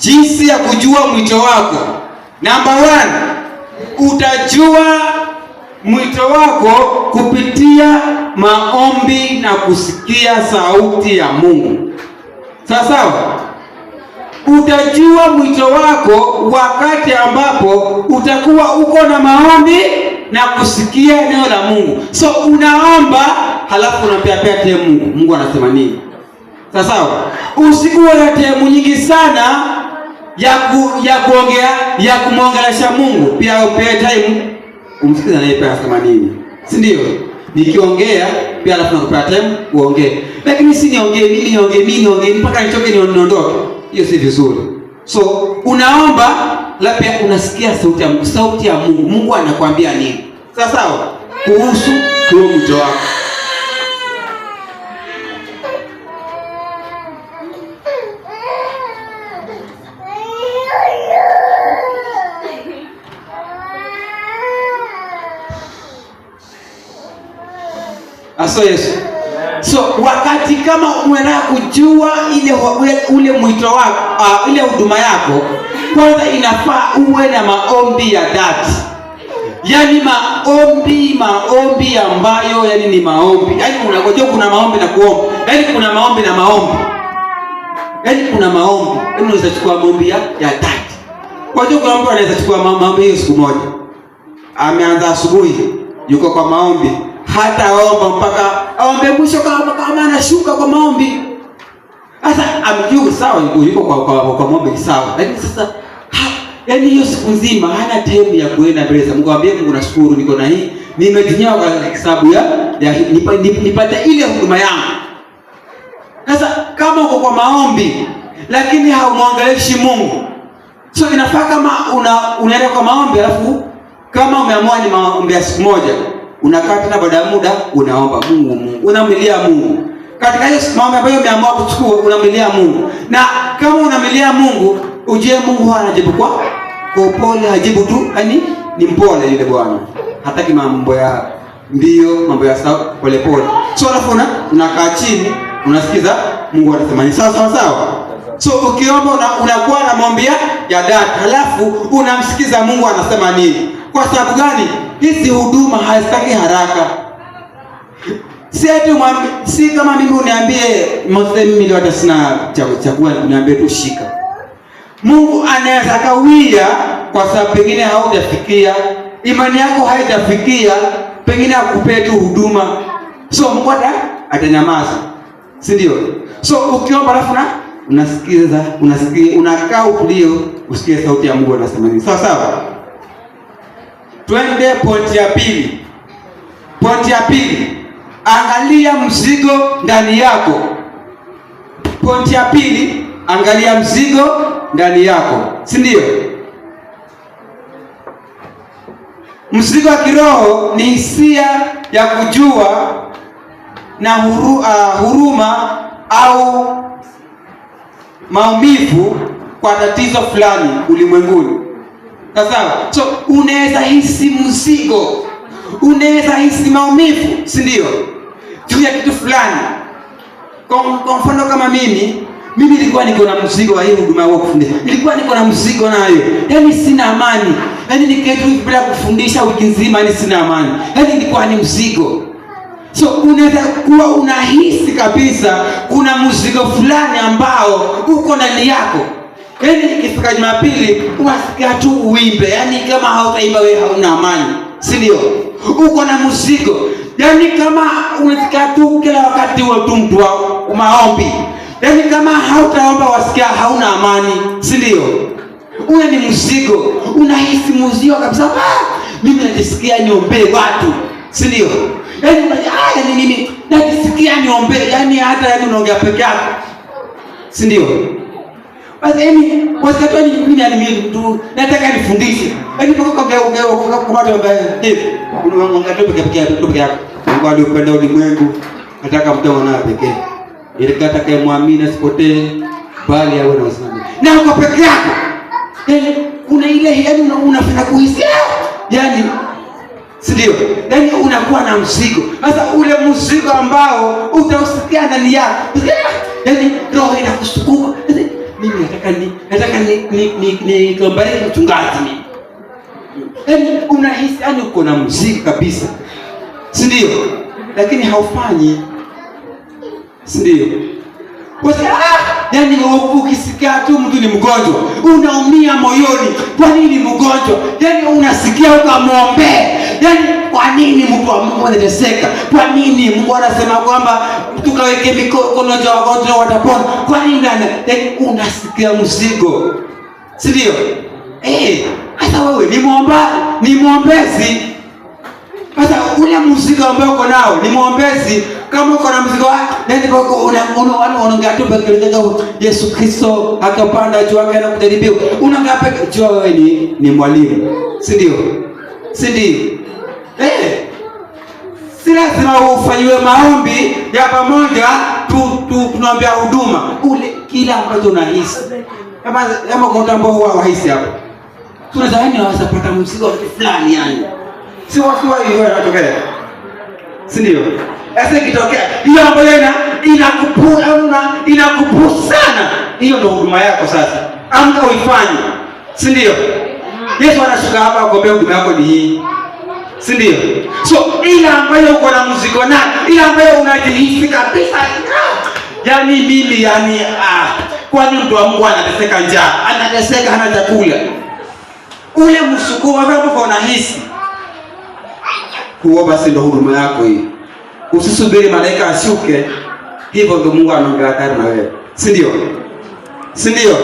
Jinsi ya kujua mwito wako. Number one, utajua mwito wako kupitia maombi na kusikia sauti ya Mungu. Sawa sawa? Utajua mwito wako wakati ambapo utakuwa uko na maombi na kusikia neno la Mungu. So unaomba halafu unapea pete Mungu. Mungu anasema nini? Sawa, usikuwa na temu nyingi sana ya ku, ya kuongea ya kumwongelesha Mungu, pia upewe time umsikize naye pia asema nini, si ndio? Nikiongea pia alafu nakupea time uongee, lakini si niongee mimi niongee mimi niongee mpaka nichoke niondoke, hiyo si vizuri. So unaomba la unasikia sauti ya Mungu, sauti ya Mungu, Mungu anakuambia nini? Sawa sawa, kuhusu huo mto wako Kristo Yesu. So wakati kama unataka kujua ile ule mwito wako, uh, ile huduma yako, kwanza inafaa uwe na maombi ya dhati, yaani maombi maombi ambayo yani ni maombi yaani unakojua kuna maombi na kuomba, yaani kuna maombi na maombi, yaani kuna maombi, yaani unaweza chukua maombi ya dhati. Kwa hiyo kuna mtu anaweza chukua maombi hiyo siku moja, ameanza asubuhi, yuko kwa maombi hata hataomba mpaka aombe mwisho, kama kama anashuka kwa maombi. Sasa amjuu sawa, yuko kwa, kwa, kwa maombi sawa, lakini sasa yaani hiyo siku nzima hana time ya kuenda mbele za Mungu. ambaye Mungu, nashukuru niko na hii nimetinyawa kwa sababu ya, ya nipate nip, nip, ile huduma yangu. Sasa kama uko kwa maombi lakini haumwangalishi Mungu, so inafaa kama una unaenda kwa maombi alafu kama umeamua ni maombi ya siku moja unakaa tena, baada ya muda unaomba Mungu, Mungu unamlilia Mungu katika hiyo maombi ambayo umeamua kuchukua, unamlilia Mungu. Na kama unamlilia Mungu, ujie Mungu anajibu kwa kwa upole, ajibu tu, yani ni mpole yule Bwana, hataki mambo ya mbio, mambo ya sawa, pole pole. So alafu unakaa chini, unasikiza Mungu anasema ni sawa sawa sawa. So ukiomba unakuwa na maombi ya data, halafu unamsikiza Mungu anasema nini. Kwa sababu gani? Hizi huduma hazitaki haraka. Si ati si kama mimi uniambie Mose, mimi ndio hata sina uniambie tushika. Mungu anaweza kawia kwa sababu pengine haujafikia imani yako haijafikia, pengine akupee tu huduma, so Mungu atanyamaza, si ndio? So ukiomba alafu na unasikiza unasikia unakaa ukulio, usikie sauti ya Mungu anasema nini, sawa sawa. Twende pointi ya pili. Pointi ya pili, angalia mzigo ndani yako. Pointi ya pili, angalia mzigo ndani yako, si ndio? Mzigo wa kiroho ni hisia ya kujua na huru, uh, huruma au maumivu kwa tatizo fulani ulimwenguni sawa. So unaweza hisi mzigo, unaweza hisi maumivu, si ndio, juu ya kitu fulani. Kwa mfano kama mimi mimi nilikuwa niko na mzigo wa hii huduma ya kufundisha, nilikuwa niko na mzigo nayo, yaani sina amani, yaani niketi bila kufundisha wiki nzima, ni yaani sina amani, yaani nilikuwa ni mzigo. So unaweza kuwa unahisi kabisa kuna mzigo fulani ambao uko ndani yako. Yaani ikifika Jumapili unasikia tu uimbe, yaani kama hautaimba wewe hauna amani, si ndio? Uko na mzigo, yaani kama unasikia tu kila wakati wewe tu mtu wa maombi, yaani kama hautaomba wasikia hauna amani, si ndio? Uwe ni mzigo, unahisi mzigo kabisa. Ah, mimi najisikia niombee watu, si ndio? Yaani ah, yaani mimi najisikia niombee, yaani hata yaani unaongea peke yako, si ndio? Basi yani wasikati ni mimi ni mimi tu nataka nifundishe. Lakini kwa kwa kwa kwa kwa watu ambao hivi kuna mambo ngapi peke yake peke yake. Mungu aliyopenda ulimwengu nataka mtu mwana pekee. Ili kata kae muamini asipotee bali awe na usimamo. Na uko peke yako. Yani kuna ile yani unafanya kuhisi ah, yani si ndio? unakuwa na mzigo. Sasa ule mzigo ambao utausikia ndani yako. Ah, yani roho inakusukuma nataka ni nataka ni ni, ni, mchungaji. Yaani unahisi yaani uko na mzigo kabisa, si ndio? Lakini haufanyi, si ndio? Ah, yaani ukisikia tu mtu ni mgonjwa unaumia moyoni, kwa nini mgonjwa? Yani unasikia ukamwombee Yaani kwa nini mko mnateseka? Kwa nini Mungu anasema kwamba tukaweke mikono ya wagonjwa watapona? Kwa nini ndani? Yaani unasikia mzigo. Si ndio? Eh, hata wewe ni muomba, ni muombezi. Sasa ule mzigo ambao uko nao ni muombezi. Kama uko na mzigo wako, nenda kwako unaongea tu peke yako. Yesu Kristo akapanda juu akaenda kujaribiwa. Unaongea peke yako, wewe ni ni mwalimu. Si ndio? Si ndio? eh, si lazima ufanyiwe maombi ya pamoja tu, tu tunaombea huduma ule kila ambacho unahisi kama kama kwa utambao wao hahisi hapo, tunadhani waweza yaani pata mzigo wa fulani, yani si watu wao hiyo yanatokea. si ndio? Sasa ikitokea hiyo ambayo ina inakupura una inakupusa sana, hiyo ndio huduma yako. Sasa amka uifanye, si ndio? Yesu anashuka hapa akwambia huduma yako ni hii si ndio? So ile ambayo uko na mzigo na ile ambayo unajihisi kabisa yani mimi yani ah, kwani mtu wa Mungu anateseka njaa, anateseka hana chakula, ule msukumo ambao unahisi huo, basi ndio huruma yako hii. Usisubiri malaika ashuke, hivyo ndio Mungu anaongea na wewe, si ndio? si ndio?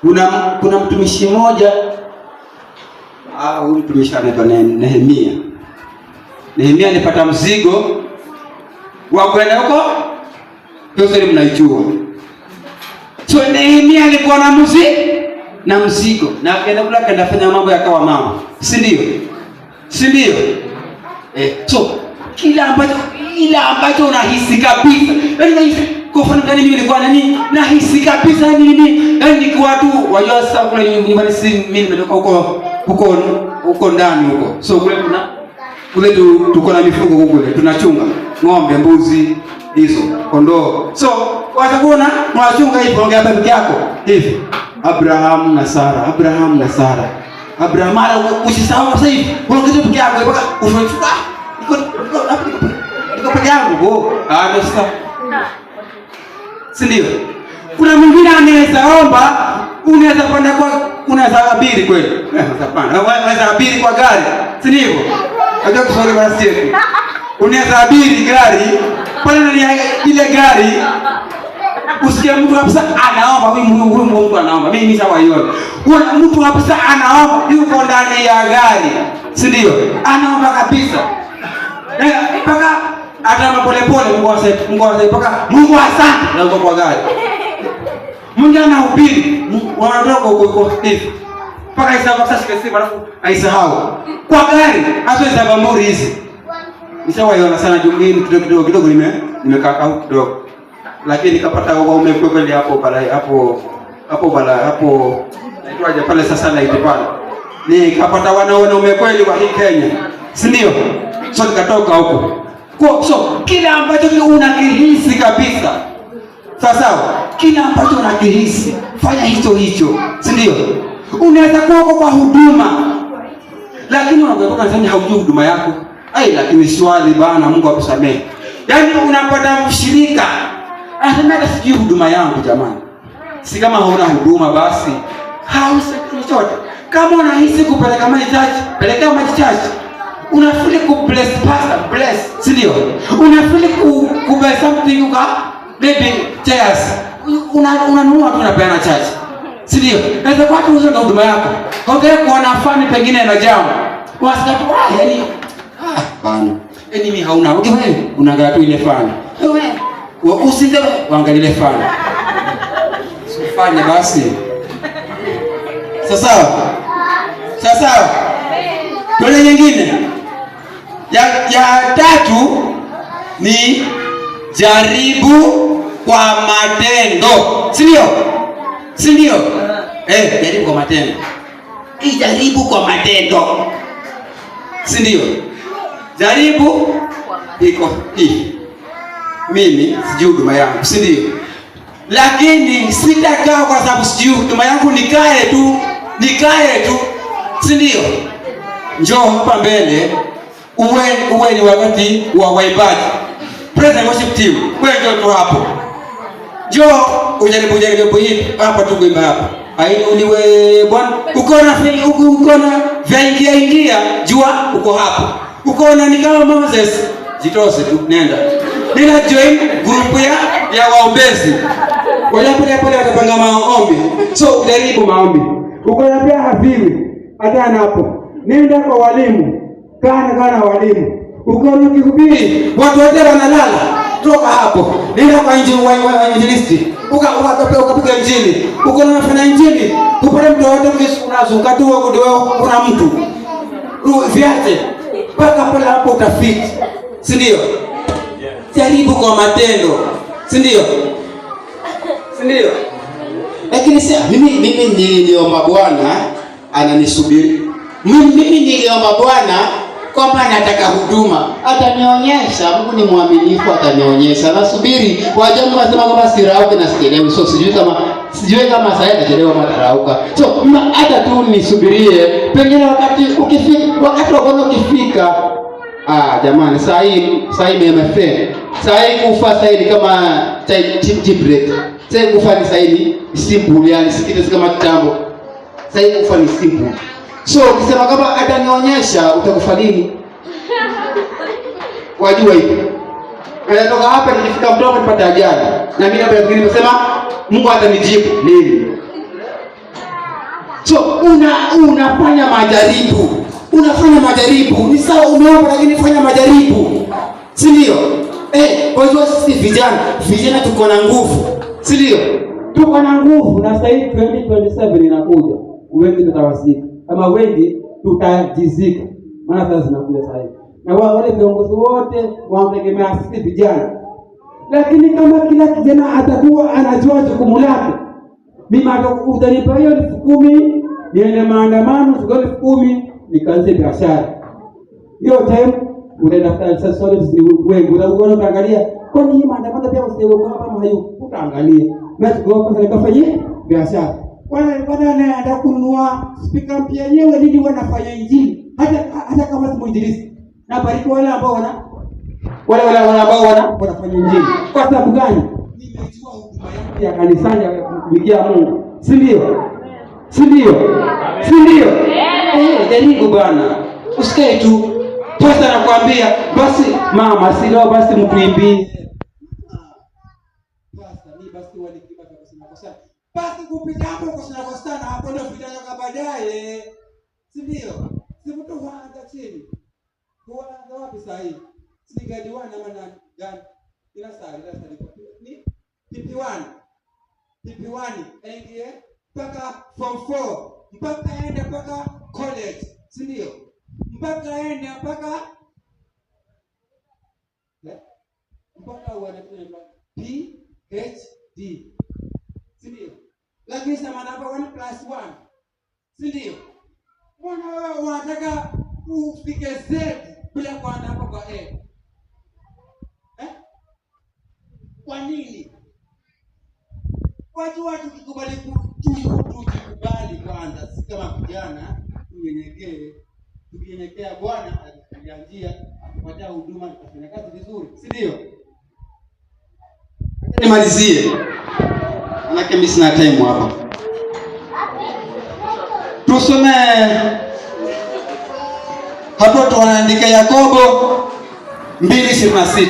Kuna kuna mtumishi mmoja ah, huyu mtumishi anaitwa Nehemia. Nehemia alipata mzigo wa kwenda huko Misri, mnaijua. So Nehemia alikuwa na mzigo na mzigo na akaenda kule akaenda fanya mambo yakawa mama, si ndio? Si ndio? Eh, so kila ambacho kila ambacho unahisi kabisa, yaani unahisi kufanana mimi nilikuwa nani nahisi kabisa nini yani nikiwa tu wajua sasa kule nyumbani si mimi nimetoka huko huko huko ndani huko so kule kuna kule tu, tuko na mifugo huko kule tunachunga ng'ombe mbuzi hizo kondoo so watakuona unachunga hivyo ongea hapa mke yako hivi Abraham na Sara Abraham na Sara Abraham mara usisahau sasa hivi unaongeza peke yako mpaka unachukua niko niko peke yangu oh ah ndio sasa si ndio? Kuna mwingine anaweza omba, unaweza kwenda kwa, unaweza abiri kweli, eh, hapana, unaweza abiri kwa gari, si ndio? Unajua kusoma basi, unaweza abiri gari pale ndani ya ile gari usikia mtu kabisa anaomba, huyu huyu Mungu anaomba, mimi nishawaiona. Kuna mtu kabisa anaomba, yuko ndani ya gari, si ndio? Anaomba kabisa eh, paka hata kama pole, Mungu asaidia, Mungu asaidia paka, Mungu asante na kwa gari. Mungu anahubiri, wanatoka huko huko hivi. isa hisabu sasa sikasiba alafu aisahau. Kwa gari hata hisabu muri hizi. Nishawa yona sana jumlini kidogo kidogo kidogo nime nimekaa huko kidogo. Lakini nikapata waume kweli hapo bala hapo hapo bala hapo naitwaje pale sasa na pale. Nikapata wanaume kweli wa Kenya. Si ndio? So nikatoka huko. Kwa, so kile ambacho unakihisi kabisa sawa sawa, kile ambacho unakihisi fanya hicho hicho, si ndio? Unaweza kuwa kwa huduma, lakini unakuwa haujui huduma yako ai, lakini swali bana, Mungu akusamehe. Yaani unapata mshirika anasema sijui huduma yangu. Jamani, si kama hauna huduma basi hausi chochote. Kama unahisi kupeleka maji chache, pelekea maji chache unafili ku bless pastor bless, si ndio? Unafili ku, ku buy something uka maybe chairs una unanunua tu na peana church, si ndio? Naweza kwa watu uzio na huduma yako kautaka kuona fani pengine na jamu wasika tu ah, yani ah bana, yani mimi hauna wewe okay, unaangalia tu ile fani wewe okay. Usinde waangalie ile fani sifanye basi sasa sasa, Dole nyingine ya, ya tatu ni jaribu kwa matendo, si ndio? Si ndio? Uh-huh. Eh, jaribu kwa matendo, jaribu kwa matendo, si ndio? Jaribu iko hii, mimi sijui huduma yangu, si ndio? Lakini sitakaa kwa sababu sijui huduma yangu, nikae tu, nikae tu, si ndio? Njoo hapa mbele uwe uwe ni wakati wa waibaji. Praise and worship team, wewe ndio tu hapo. Jo, ujaribu jaribu hii hapa tu kuimba hapa. Aini uliwe bwana, ukoona uko ukoona vya ingia ingia, jua uko hapo. Ukoona ni kama Moses, jitose tu nenda. Nina join group ya ya waombezi. wala pale pale watapanga maombi. So jaribu maombi. Ukoona pia hafiwi. Hata hapo. Nenda kwa walimu kana kana walimu. Ukiona ukihubiri watu wote wanalala, toka hapo, nenda kwa injili wa wa injilisti, ukapiga injili. Ukiona unafanya injili, kupata mtu wote unazunguka tu huko, ndio kuna mtu viache paka pale hapo utafiti, si ndio? Jaribu kwa matendo, si ndio? Si ndio? Lakini sasa mimi mimi niliomba Bwana ananisubiri mimi, mimi niliomba Bwana kwamba nataka huduma, atanionyesha. Mungu ni mwaminifu, atanionyesha. Nasubiri wajamu wasema kwamba sirauke na sichelewi, so sijui kama sijui kama sasa nachelewa ama narauka, so hata tu nisubirie, pengine wakati ukifika, wakati wakona ukifika. Ah, jamani, saa hii saa hii MFA, saa hii kufa saa hii ni kama chip chip break. Saa hii kufa ni saa hii simple, yani sikitesi kama kitambo. Saa hii kufa ni simple. So ukisema kama atanionyesha utakufadhili. Wajua hivi. Natoka hapa nilifika mtoko nipata ajali. Na mimi hapa nilisema Mungu atanijibu nini So una unafanya majaribu. Unafanya majaribu. Ni sawa umeomba lakini fanya majaribu. Si ndio? Eh, kwa sisi vijana, vijana tuko na nguvu. Si ndio? Tuko na nguvu na sasa 2027 inakuja. Uwezi tutawasika kama wengi tutajizika, maana sasa zinakuja sasa hivi, na wao wale viongozi wote wanategemea sisi vijana. Lakini kama kila kijana atakuwa anajua jukumu lake, mimi utanipa hiyo elfu kumi niende maandamano, chukua elfu kumi nikaanze biashara, hiyo time unaenda kwa sasa sasa ni wengi na utaenda utaangalia, kwa nini maandamano pia usiwe kama hayo, utaangalia na chukua pesa kafanyia biashara wale bado ya kununua spika mpya yenyewe nini wanafanya injili hata hata kama si mwinjilisti. Na bariki wale ambao wana wale wale wana ambao wana wanafanya injili. Kwa sababu gani? Nimejua huduma yangu ya kanisani ya kumtumikia Mungu. Si ndio? Si ndio? Si ndio? Eh, jaribu bwana. Usikae tu. Pasta anakuambia basi mama, si leo basi mtuimbie. basi kupita hapo kushina kwa sana hapo ndio kupita kwa baadaye, si ndio? Si mtu huanza chini, huanza wapi sasa hivi? Si gadi wana ama na gani? Ila sahihi, ila sahihi ni PP1 PP1 aingie mpaka form 4 mpaka aende mpaka college, si ndio? Mpaka aende mpaka eh? mpaka uanafanya PhD lakini sema namba 1 plus 1 si ndio? Mbona wewe unataka ufike z bila kuanza hapo kwa a eh? Kwa nini watu watu tukubali tukubali kwanza, si kama vijana tunyenyekee, tukinyenyekea Bwana atatufungulia njia, atupatia huduma, tutafanya kazi vizuri, si ndio? Nimalizie. Manake mimi sina time hapa. Tusome hapo, tunaandika Yakobo 2:26.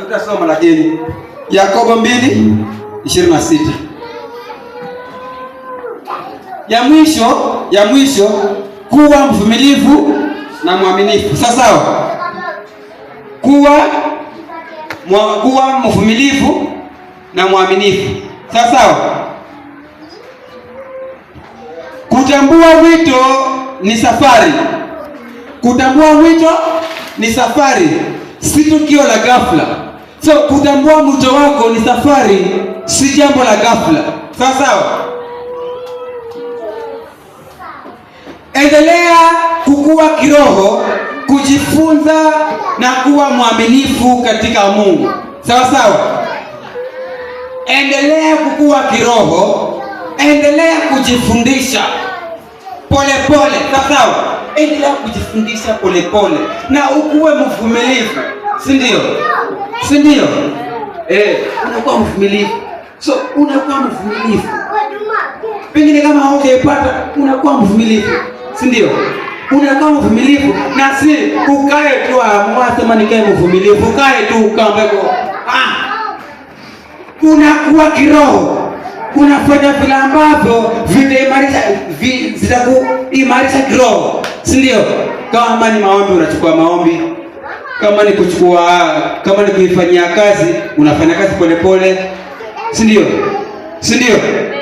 Nitasoma lakini Yakobo 2:26. Ya mwisho, ya mwisho kuwa mvumilivu na mwaminifu. Sasa sawa? Kuwa mwa, kuwa mvumilivu na mwaminifu. Sawa sawa. Kutambua wito ni safari. Kutambua wito ni safari, si tukio la ghafla. So kutambua mwito wako ni safari, si jambo la ghafla. Sawa sawa. Endelea kukua kiroho, kujifunza na kuwa mwaminifu katika Mungu. Sawa sawa endelea kukua kiroho, endelea kujifundisha polepole, sawasawa, endelea kujifundisha polepole na ukuwe mvumilivu, si ndio? Si ndio? Eh, unakuwa mvumilivu, so unakuwa mvumilivu, pengine kama haujapata, unakuwa mvumilivu, si ndio? unakaa mvumilivu na si ukae tu, amwasema ah, nikae mvumilivu, ukae tu ukaambeko ah unakuwa kiroho. Unafanya vile ambavyo vitaimarisha zitakuimarisha kiroho, si ndio? Kama ni maombi, unachukua maombi kama ni kuchukua, kama ni kuifanyia kazi, unafanya kazi polepole, si ndio? Si ndio?